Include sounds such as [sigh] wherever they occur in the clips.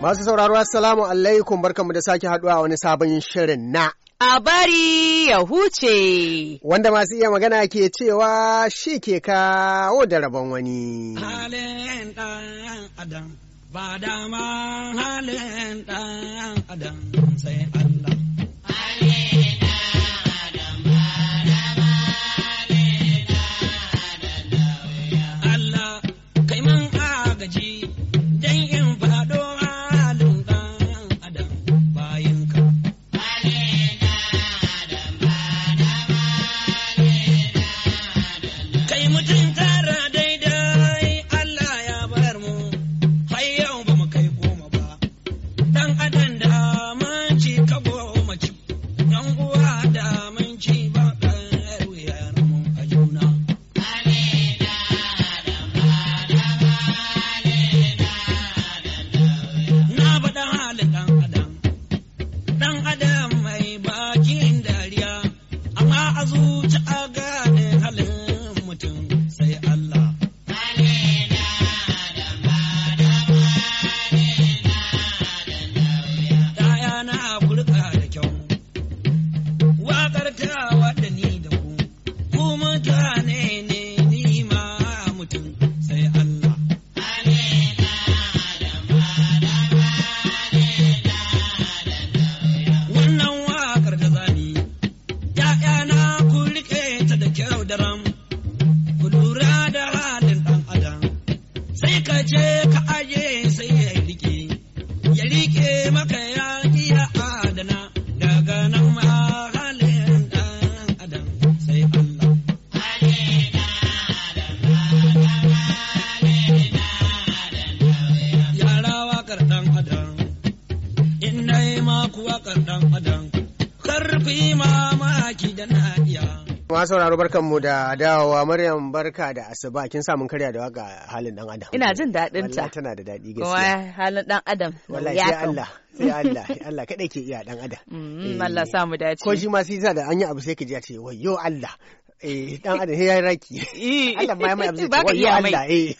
Masu sauraro assalamu alaikum barkanmu da sake haduwa a wani sabon shirin na. A bari ya huce. Wanda masu iya magana ke cewa shi ke kawo da rabon wani. Halin ɗan adam ba dama halin ɗan adam sai Allah. sauraro barkan mu da dawowa Maryam barka da asuba kin samun karya da waka halin dan Adam. Ina jin dadin ta. Wallahi tana da daɗi gaskiya. Kuma halin dan Adam. Wallahi sai Allah. Sai Allah. Allah kada ke iya dan Adam. [laughs] Mm, Allah eh. sa mu dace. Ko shi ma sai da an yi abu sai ka ji a ce wayyo Allah. Eh, dan adam sai yayi raki eh, [laughs] Allah ma ya mai abin da ya Allah eh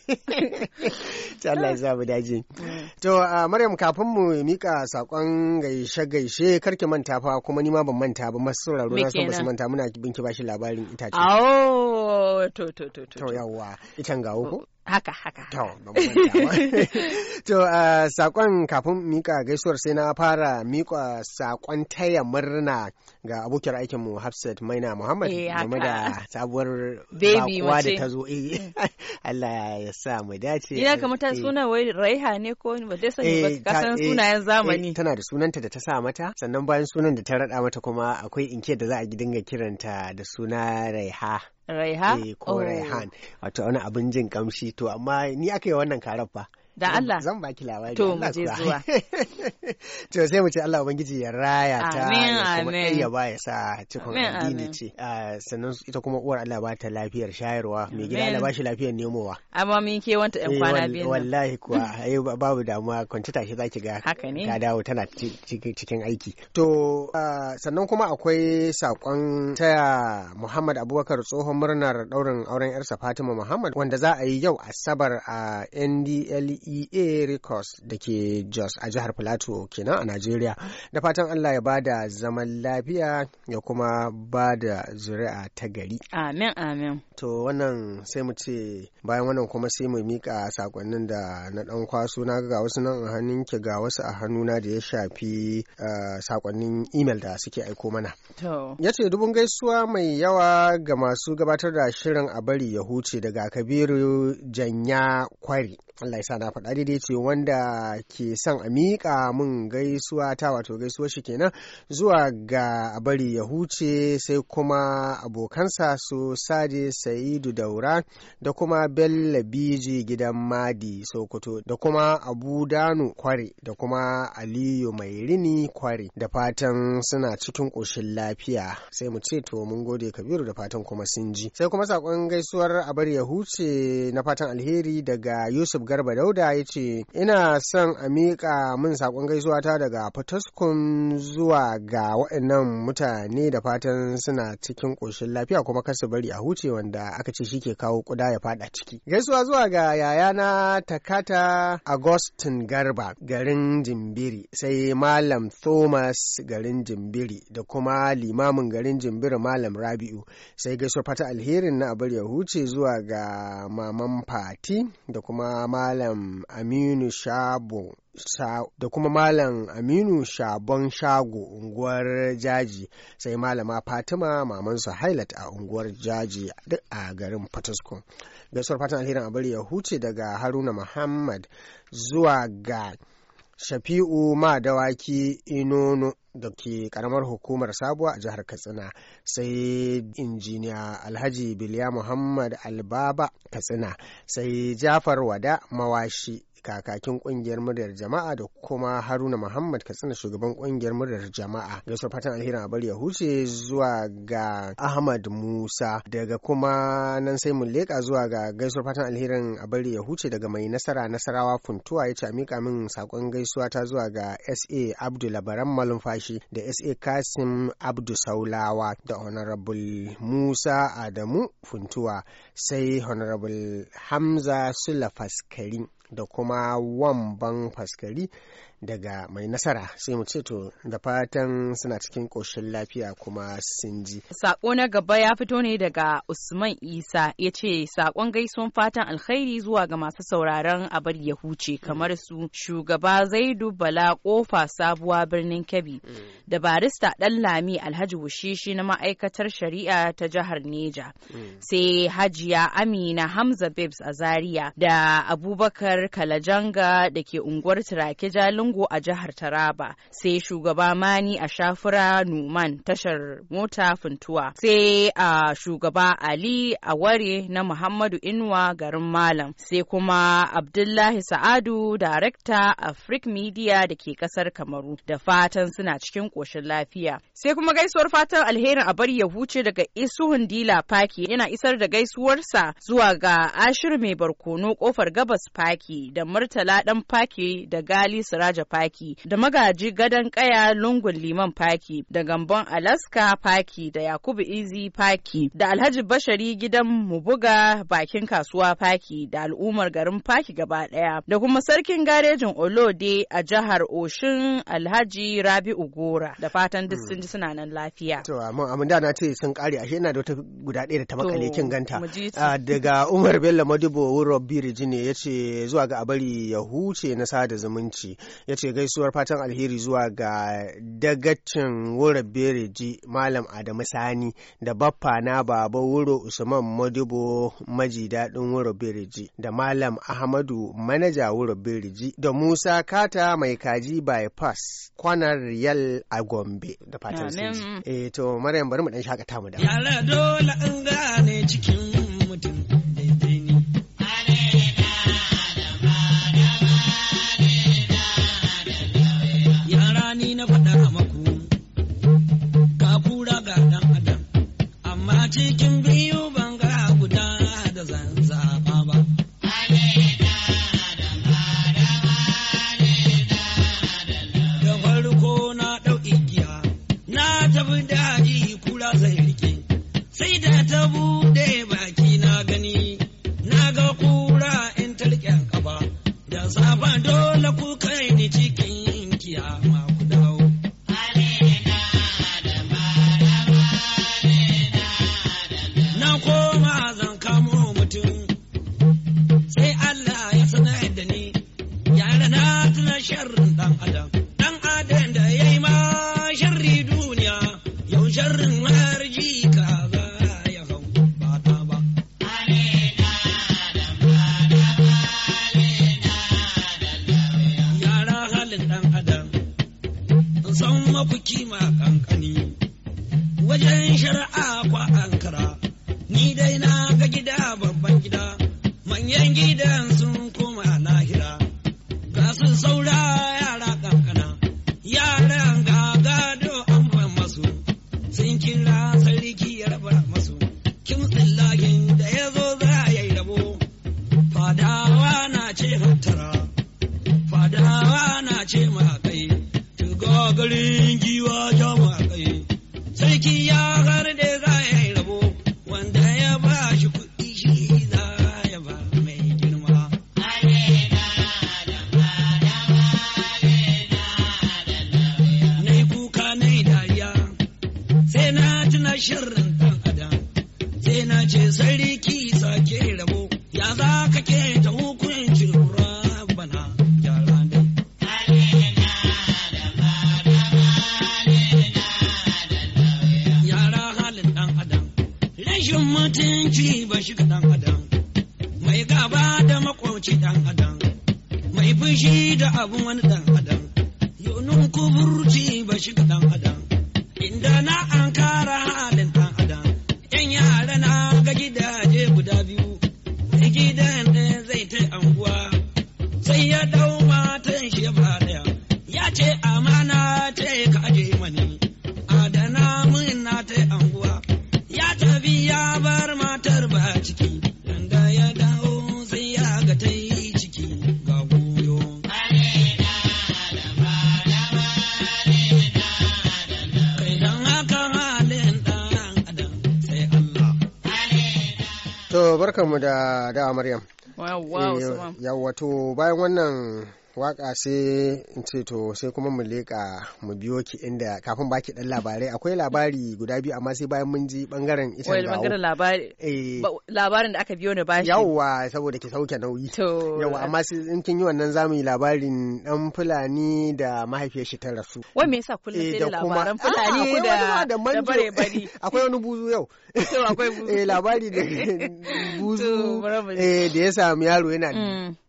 [laughs] ta Allah ya sa mu daji [laughs] to ah, Maryam kafin mu mika sakon gaishe gaishe karki manta fa kuma ni ma ban manta ba masu sauraro na san basu manta muna binki bashi labarin itace oh to to to to yawa itan gawo oh. ko haka haka to uh, [laughs] saƙon kafin mika gaisuwar sai na fara mika saƙon taya murna ga abokiyar aikin mu Hafsat Maina Muhammad eh, game da sabuwar bakuwa da ta zo eh [laughs] Allah ya sa mu dace ina kama ta eh. suna wai Raiha ne ko ba dai sani ba eh, ka san sunayen zamani tana da sunanta da ta sa mata sannan bayan sunan da ta rada mata kuma akwai inke da za a dinga kiranta da suna Raiha Raiha? Eh, ko Raihan. Oh. Wato wani abin jin kamshi to amma ni aka yi wannan karar fa. da Allah zan baki labari to mu je zuwa [laughs] to sai mu ce Allah ubangiji ya raya ta amin ya ba ya sa cikon addini ce sannan ita kuma uwar Allah ba ta lafiyar shayarwa mai gida Allah ba shi lafiyar nemowa amma mun ke wanta ɗan eh, kwana biyu wallahi [laughs] kuwa ai babu damuwa kwanci tashi zaki ga haka ne ka dawo tana cikin aiki to sannan kuma akwai sakon taya Muhammad Abubakar tsohon murnar daurin auren yarsa Fatima Muhammad wanda za a yi yau Asabar a NDLE AEA Records da ke Jos a jihar Plateau kenan a Najeriya. Da fatan Allah ya bada zaman lafiya ya kuma bada zuri'a ta gari. Amin amin. To wannan sai mu ce bayan wannan kuma sai mu mika sakonnin da na dan kwaso na ga wasu nan a hannun ki ga wasu a hannuna da ya shafi eh, sakonnin email da suke aiko mana ya ce dubun gaisuwa mai yawa ga masu gabatar da shirin a bari ya huce daga kabiru janya kwari Allah ya sa na faɗa daidai ce wanda ke son a miƙa mun gaisuwa ta wato gaisuwar shi kenan zuwa ga a bari ya huce sai kuma abokansa su Sade Sa'idu Daura da kuma Bello Biji gidan Madi Sokoto da kuma Abu Danu Kware da kuma Aliyu Mai Rini Kware da fatan suna cikin ƙoshin lafiya sai mu ce to mun gode Kabiru da fatan kuma sun ji. Sai kuma saƙon gaisuwar a bari ya huce na fatan alheri daga Yusuf Garba Dauda ya ce ina son a miƙa min saƙon gaisuwa ta daga Fataskun zuwa ga waɗannan mutane da fatan suna cikin ƙoshin lafiya kuma kasu bari a huce wanda aka ce shi ke kawo ƙuda ya faɗa ciki. Gaisuwa zuwa ga yayana Takata Agustin Garba garin Jimbiri sai Malam Thomas garin Jimbiri da kuma limamin garin Jimbiri Malam Rabi'u sai gaisuwar fata alherin na abar ya huce zuwa ga Maman Fati da kuma Malam Aminu Shabo da kuma Malam Aminu Shabon Shago unguwar Jaji sai Malama Fatima mamansu Hailat a unguwar Jaji a garin Fataskun. gaisuwar fatan alherin a bari ya huce daga haruna muhammad zuwa ga shafi'u ma dawaki inono da ke karamar hukumar sabuwa a jihar katsina sai injiniya alhaji biliya muhammad albaba katsina sai jafar wada mawashi kakakin kungiyar muryar jama'a da kuma haruna muhammad katsina shugaban kungiyar muryar jama'a gaisuwar fatan alherin abar ya huce zuwa ga ahmad musa daga kuma nan sai mun leƙa zuwa ga gaisuwar fatan alherin abar ya huce daga mai nasara nasarawa funtuwa ya ce a miƙa min sakon gaisuwa ta zuwa ga sa abdul labaran malumfashi da sa kasim abdu saulawa da honorable musa adamu funtuwa sai honorable hamza sulafaskari da kuma wamban faskari daga mai nasara sai mu ce to da fatan suna cikin ƙoshin lafiya kuma sun ji. Sako na gaba ya fito ne daga Usman Isa ya ce sakon gaisuwan fatan alkhairi zuwa ga masu sauraron abar ya huce kamar su shugaba Zaidu Bala Kofa Sabuwa birnin Kebbi da barista Dan Lami Alhaji Wushishi na ma'aikatar shari'a ta jihar Neja sai Hajiya Amina Hamza Babes Zaria da Abubakar Kalajanga da ke unguwar Turake Jalin zango a jihar Taraba, sai shugaba Mani a Shafura Numan tashar mota Funtuwa, sai a shugaba Ali a Ware na Muhammadu Inuwa garin Malam, sai kuma Abdullahi Sa'adu, Darekta a Freak Media da ke kasar Kamaru, da fatan suna cikin ƙoshin lafiya. Sai kuma gaisuwar fatan alherin a bari ya huce daga Isuhun Dila Faki yana isar da gaisuwarsa zuwa ga Ashir mai barkono kofar gabas Faki da Murtala ɗan Faki da Gali Siraj Faki da magaji gadon kaya lungun Liman Faki da Gambon Alaska Faki da Yakubu Izi Faki da Alhaji Bashari gidan Mubuga bakin kasuwa Faki da al'ummar garin Faki gaba daya da kuma sarkin garejin Olode a jihar Oshin Alhaji Rabi'u Gora da fatan duk sun ji suna nan lafiya. To da na ce sun kare ashe da wata guda ɗaya da ta makale kin ganta. Ah, daga Umar Bello Madibo Wuro Biriji ne ya ce zuwa ga abari ya huce na sada zumunci ya ce gaisuwar fatan alheri zuwa ga dagacin wura bereji malam adamu sani da baffa na baba wuro usman modibo maji daɗin wura bereji da malam ahmadu manaja wura bereji da musa kata mai kaji bypass kwanar riyal a gombe da fatan sun eh, to maryam bari mu dan shakata mu da dole an gane cikin mutum ba dole ku kai ni ci out. abun wani barkanmu da da Maryam. Eh, Yawwa to bayan wannan waka sai in ce to sai kuma mu leka mu biyo ki inda kafin baki dan labarai akwai labari guda biyu amma sai bayan mun ji bangaren ita da bangaren labari eh. labarin da aka biyo ni bashi yawa saboda ki sauke nauyi yawa amma sai in kin yi wannan zamu yi labarin dan fulani da mahaifiyar shi ta rasu wai me yasa kullum eh, sai labaran fulani ah, da da bare bari [laughs] akwai wani buzu yau [laughs] akwai buzu eh labari da [laughs] buzu eh da ya samu yaro yana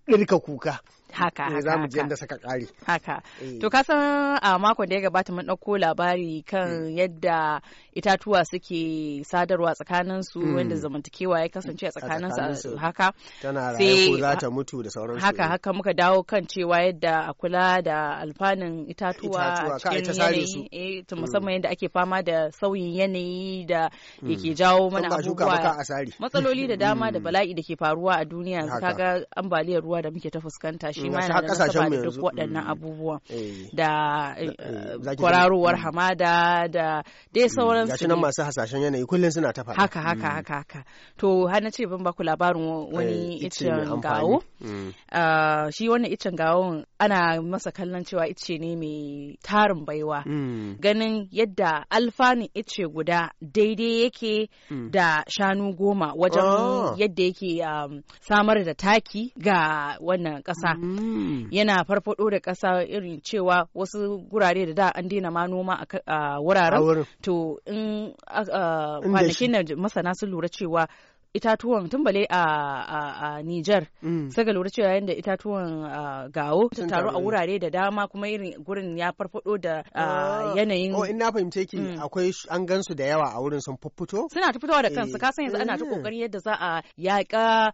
dirka mm. kuka haka eh, haka za mu je inda saka kare haka eh. to ka san a makon da ya gabata mun dauko labari kan hmm. yadda itatuwa suke sadarwa tsakanin su hmm. wanda zamantakewa ya kasance a tsakanin su haka tana rayuwa ko za ta mutu da su haka haka muka dawo kan cewa yadda a kula da alfanun itatuwa a cikin yanayi eh, hmm. musamman yadda ake fama da sauyin yanayi da yake jawo mana abubuwa matsaloli da [laughs] dama da bala'i da ke faruwa a duniya kaga ambaliyar ruwa da muke ta fuskanta shi ma yana da nasaba da duk waɗannan mm. abubuwa eh. da eh, eh, kwararowar mm. hamada da dai mm, sauran su nan masu hasashen yanayi kullum suna ta haka haka haka haka to har na ce ban baku labarin wani icen gawo ah, shi wannan icen gawon ana masa kallon cewa ice ne mai tarin baiwa ganin yadda alfanun ice guda daidai yake da shanu goma wajen ah. yadda yake um, samar da taki ga wannan ƙasa Mm. yana farfado da ƙasa irin cewa wasu gurare da da an daina ma noma a wuraren to in kwanakin masana sun lura cewa itatuwan tumbale a Nijar. Mm. Sai lura cewa yadda itatuwan gawo ta taru a wurare da dama kuma irin gurin ya farfado da oh. yanayin. Oh, in na fahimce ki mm. akwai an gansu da yawa a wurin sun fito. Suna ta fitowa da kansu eh. kasan yanzu ana ta mm. kokari yadda za a yaƙa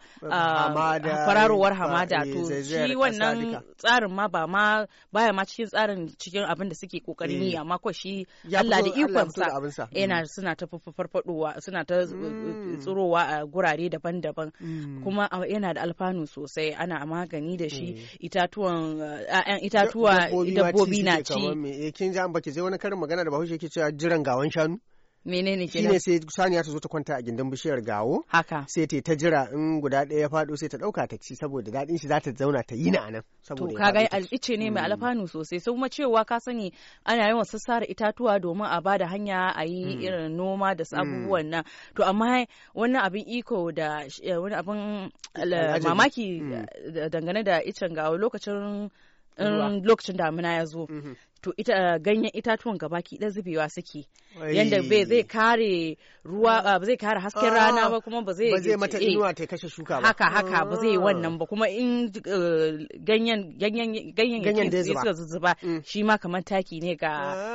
fararowar hamada eh, to shi wannan tsarin ma ba ma baya ma cikin tsarin cikin abin da suke kokarin yi amma ko shi Allah da sa. yana suna ta farfadowa suna ta tsurowa gurare daban-daban mm. kuma yana da alfanu sosai ana magani da shi mm. itatuwan itatuwa dabbobi na ci eh, kin ji an baki je wani karin magana da bahaushe yake cewa jiran gawan shanu menene kenan shine sai saniya ta zo ta kwanta a gindin bishiyar gawo haka sai ta jira in guda ɗaya ya faɗo sai ta ɗauka ta ci saboda daɗin shi za ta zauna ta yi na anan saboda to kaga alƙice ne mai mm. alfanu sosai sai kuma cewa ka sani ana yawan sassara itatuwa domin a bada hanya a yi mm. irin noma da mm. abubuwan nan to amma wannan abin iko da eh, wani abin eh, mamaki eh, dangane da icen gawo lokacin lokacin damina ya zo mm-hmm. to ita uh, ganyen itatuwan gabaki ɗaya zubewa suke yanda bai zai kare ruwa ah. uh, ba zai kare hasken rana ba kuma ba zai zai mata eh, inuwa ta kashe shuka ba haka haka ba zai ah. wannan ba kuma in uh, ganyen ganyen ganyen ya suka zuba mm. shi ma kamar taki ne ga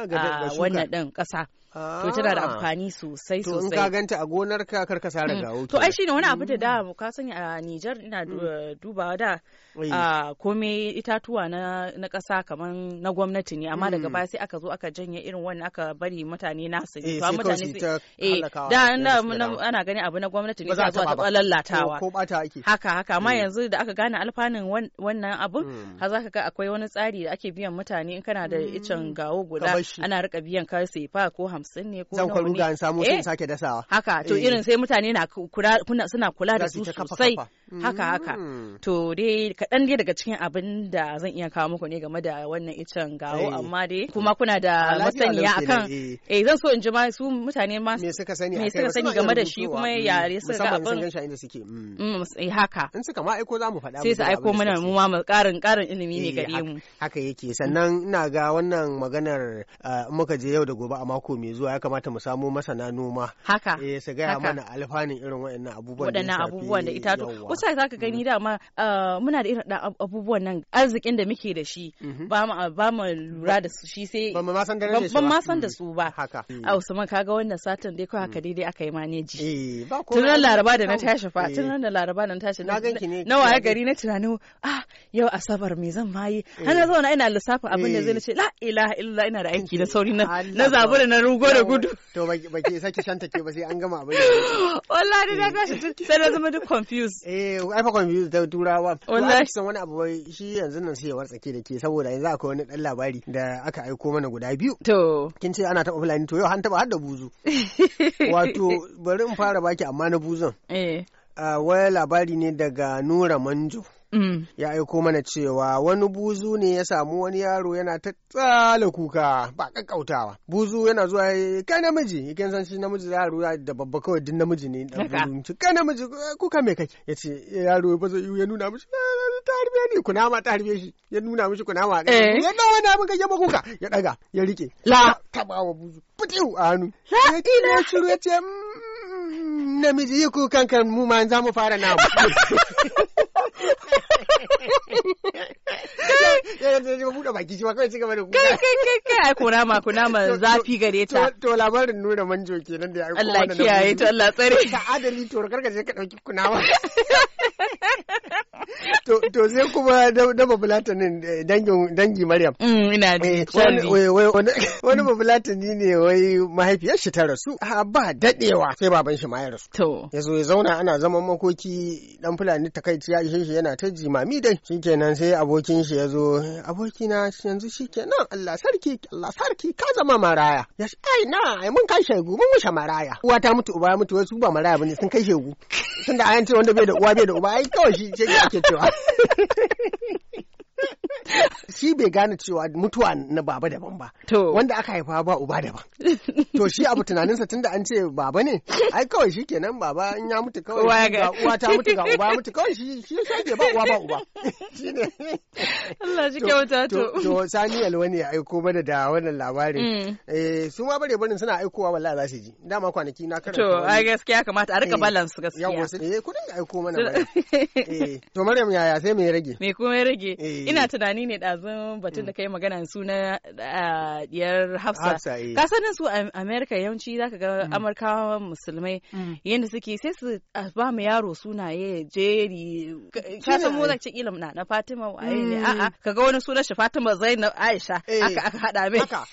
ah, wannan ɗin ƙasa to tana da ah. amfani sosai sosai to in ka ganta a gonar ka karka ka sare hmm. gawo to ai shine wani abu da da hmm. ka sani a Niger ina hmm. dubawa da eh. komai itatuwa na na kasa kamar na gwamnati ne amma daga baya sai aka zo aka janye irin wannan aka bari mutane nasu ne eh, to mutane eh da eh, ana gani abu na gwamnati ne zuwa ta lallatawa ko bata ake haka haka amma yanzu da aka gane alfanun wannan abun har zaka ga akwai wani tsari da ake biyan mutane in kana da icen gawo guda ana rika biyan ka fa ko hamsin ne ko nawa ne da samu sai eh, sake dasawa haka to eh. irin sai mutane na kuna suna kula da su sosai haka haka mm. to dai kaɗan dai daga cikin abin da zan iya kawo muku ne game da wannan icen gawo eh. amma dai kuma kuna da masaniya akan eh zan so in ji ma su mutane ma me suka sani me suka sani game da shi kuma mm. yare suka ga abin musamman sun inda suke mm. eh haka in suka ma aiko za mu faɗa sai su aiko mana mu ma karin karin ilimi ne gare mu haka yake sannan ina ga wannan maganar muka je yau da gobe a mako mai mai zuwa ya kamata mu samo masana noma haka eh su gaya mana alfanin irin waɗannan abubuwan waɗannan abubuwan da itatu wasu za ka gani mm-hmm. dama uh, muna da irin abubuwan nan arzikin da muke da shi mm-hmm. ba mu ba mu lura da su shi sai ba ma san da mm-hmm. su ba Ba ba. san da su haka a Usman kaga wannan satin dai kawai haka daidai aka yi maneji eh ba ko tun ran laraba da na tashi fa tun eh. ran laraba da na tashi na ganki ne Na waye gari na tunanin ah yau asabar me zan ma yi eh. ana zauna ina lissafin abin da eh. zai ce la ilaha illa ina da aiki da eh, sauri na na zabura na rugo da gudu to ba ke saki shanta ke ba sai an gama abin [gasps] wallahi da ga shi sai na zama duk confused eh ai fa confused da turawa wallahi san wani abu shi yanzu nan sai ya wartsake da ke saboda yanzu akwai wani dan labari da aka aiko mana guda biyu to kin ce ana taba fulani to yau an taba hadda buzu [laughs] wato bari in fara baki amma na buzun eh ah, wani labari ne daga nura manjo Mm. ya aiko mana cewa wani buzu ne ya samu wani yaro yana ta tsala kuka ba kakkautawa buzu yana zuwa eh, kai namiji yakin san shi namiji yaro da babba kawai din namiji ne dan buzu kai namiji kuka me kake yace eh, yaro ba zai ya nuna mishi eh, ta harbe ni ma ta harbe shi ya nuna mishi ma. ya dawo na kai yaba kuka ya daga ya rike la taba wa buzu fitiu a hannu ya shiru ya ce mm, namiji yi kukan kan mu ma za mu fara namu [laughs] Yana da buɗe baki shi ba kawai cigaba da kuka. Kai kai kai kai ai kunama ma zafi gare ta. To labarin nuna manjo kenan da ya aiko Allah kiyaye to Allah tsare. Ka adali to karka je ka ɗauki kunama. [laughs] to sai kuma na eh, dangin dangi Maryam. Mm, ina ji. Eh, wani [laughs] babulatani ne wai mahaifiyar shi ta rasu. A ba daɗewa sai baban shi ma ya rasu. To. Ya zo ya zauna ana zaman makoki dan Fulani takaici ya ishe shi yana ta jimami dai. Shikenan sai abokin shi ya zo abokina yanzu shikenan Allah sarki Allah sarki ka zama maraya. Ya ai na ai mun kai shegu mun wuce maraya. Uwa ta mutu uba mutu wasu ba maraya bane sun kai shegu. tunda an ce wanda bai da uwa bai da uba ai kawai shi ce ake cewa [laughs] shi bai gane cewa mutuwa na baba daban ba wanda aka haifa ba uba daban to shi abu tunaninsa tunda an ce baba ne ai kawai shi kenan baba in ya mutu kawai ga uwa ta mutu ga uba mutu kawai shi shi sake ba uwa ba uba [laughs] shine Allah shi kyauta to to sani alwani ya aiko mana da wannan labarin mm. eh su ma bare barin suna aikowa wallahi za su ji dama kwanaki na karanta to ai gaskiya kamata a rika eh, balance gaskiya yawa eh kudin aiko mana [laughs] eh to Maryam yaya sai me rage me kuma ya rage eh. ina tunani ne ɗazun batun da kai magana suna diyar hafsa eh. ka sanin su amerika yawanci zaka ga mm. amurkawa musulmai mm. yadda suke sai su ba mu yaro sunaye jeri ka san mu zance ilim na na fatima waye ne mm. a'a ga wani sunan shi fatima zainab aisha eh. aka aka hada mai to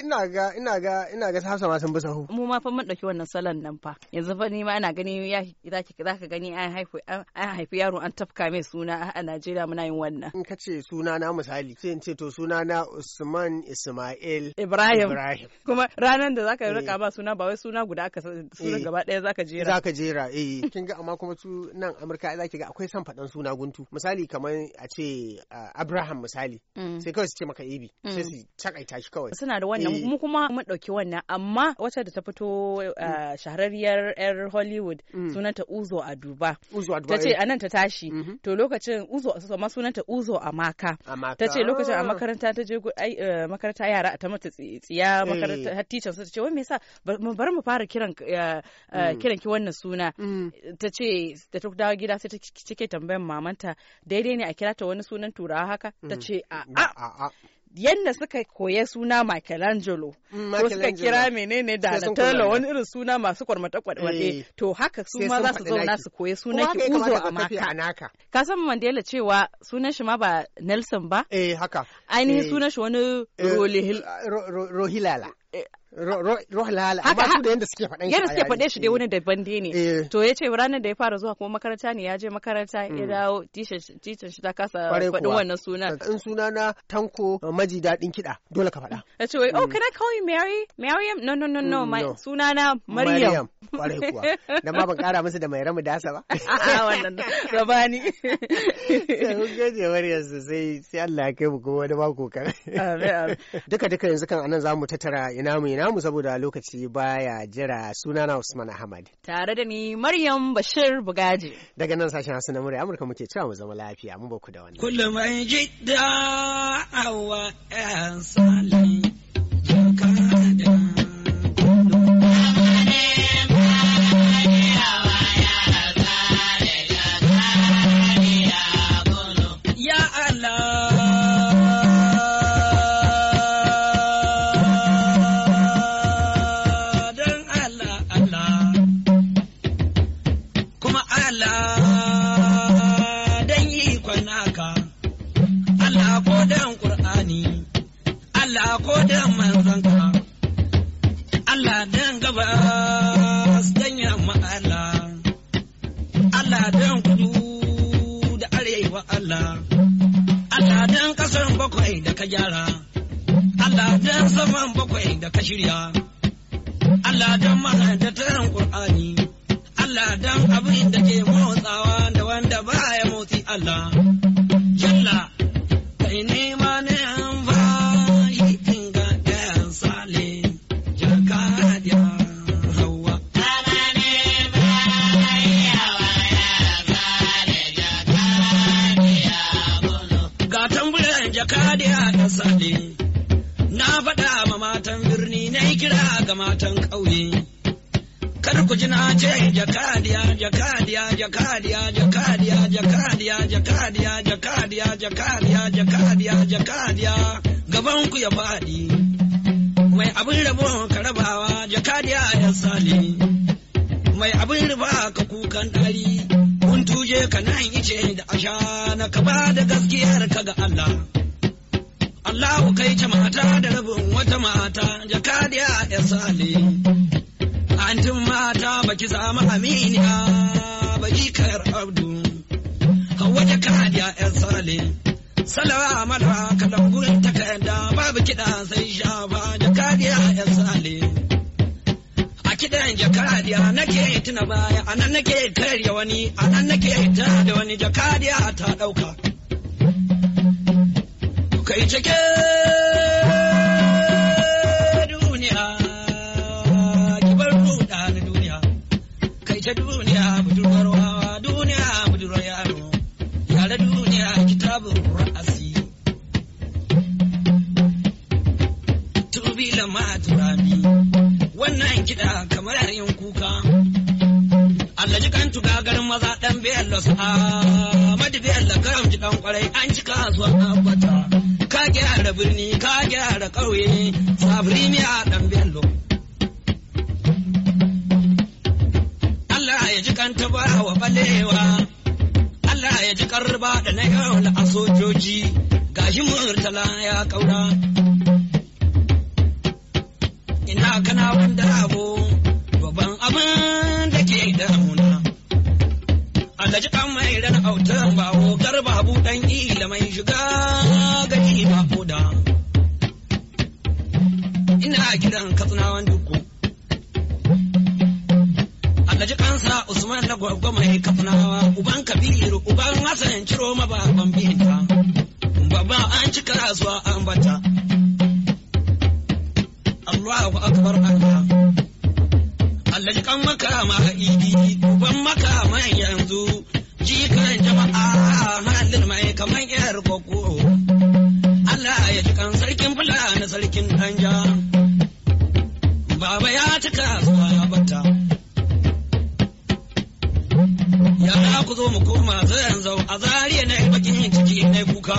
ina ga ina ga ina ga hafsa ma sun bi sahu mu ma fa mun dauki wannan salon nan fa yanzu fa ni ma ana gani ya zaki zaka gani an haifi an haifi yaro an tafka mai suna a Najeriya muna yin wannan in ka ce ce sunana misali sai in ce to sunana Usman Ismail Ibrahim kuma ranar da zaka eh. rika ba suna ba wai suna guda aka suna eh. gaba ɗaya zaka jera zaka jera eh [laughs] kin ga amma kuma su nan Amurka zaki ga akwai san faɗan suna guntu misali kamar a ce ah, Abraham misali mm. sai kawai su ce maka Ibi mm. sai su takaita shi kawai suna da wannan eh. mu kuma mun dauki wannan amma wacce da ta fito mm. ah, shahararriyar yar Hollywood sunanta Uzo Aduba Uzo Aduba tace anan ta tashi mm-hmm. to lokacin Uzo ma sunanta Uzo a. amaka ta ce lokacin a makaranta ta je eh, makaranta yara ta mata tsiya eh. makaranta har teacher ta ce wai me yasa bar mu fara kiran eh, mm. kiran ki wannan suna mm. ta ce da ta dawo gida sai ta cike tambayan mamanta daidai ne a kira ta wani sunan turawa haka ta mm. ce a'a yadda suka koya suna Michelangelo mm, ko suka kira menene Donatello wani irin suna masu kwarmata kwarmata eh. to haka su ma za su zauna su koya suna ki uzo a maka ka san Mandela cewa sunan shi ma ba Nelson ba eh haka ainihin eh. sunan shi wani eh, Rohilala Ruhul hala amma su da yadda suke faɗe shi yadda suke faɗe shi dai wani daban dai ne eh. to ya ce ranar da ya fara zuwa kuma makaranta ne ya je makaranta ya mm. dawo titin shi ta kasa faɗin wannan sunan in suna na tanko maji daɗin kiɗa dole ka faɗa ya ce wai oh mm. can I call you Mary Maryam no no no no mm, my suna na Maryam Kwarai kuwa. Da ma ban kara musu da mai ramu dasa ba. [laughs] A'a wannan rabani. Sai kun gajewar yanzu sai sai Allah ya kai mu kuma wani mako kan. Duka duka yanzu kan anan zamu tattara ina mu ina mu saboda lokaci baya jira suna na Usman Ahmad. Tare da ni Maryam Bashir Bugaji. Daga nan sashen Hausa na Murya Amurka muke cewa mu zama lafiya mu ba ku da wannan. Kullum an jidda awa salin. abin da ke motsawa da wanda ba ya motsi Allah. ce jakadiya ya faɗi mai abin ya sale mai abin riba ka kukan ɗari kun tuje ka nan ice da ashana ka ba da gaskiyar ka ga Allah Allah kai ta mata da rabin wata mata jakadiya ya sale antum mata baki zama aminiya baki kayar abdu hawa da kadiya yan sale salama da kalangun ta kayanda babu kiɗa sai shafa da kadiya yan sale a kiɗan jakadiya nake tuna baya a nan nake karya wani a nake ta da wani jakadiya ta ɗauka kai cike ita duniya budurwar wawa duniya budurwar yaro yare duniya kitabun ra'asi tubila ma turami wannan kiɗa kamar yin kuka Allah jikan tuga garin maza ɗan dan bello amadu biyar bello karam jikan kwarai an ji kasuwar abata ka gyara birni ka gyara ƙauye sabri miya dan bello Allah ya ji ba wa balewa Allah ya ji karba da na yawon a sojoji gashi murtala ya kaura ina kana wanda abu babban abin da ke damuna Allah ji kan mai ran autan bawo garba abu dan ila mai shiga gwaggwamai kafnawa uban kabiru uban hasan ciro mababan binta baba an ci karasuwa an bata Allahu akbar Allah Allah kan maka ma idi uban maka mai yanzu jikan jama'a halin mai kaman yar koko Allah ya ji kan sarkin fulani sarkin danja baba ya ci cika zuwa bata ya ku zo mu koma zan zau a zariya na bakin ciki na kuka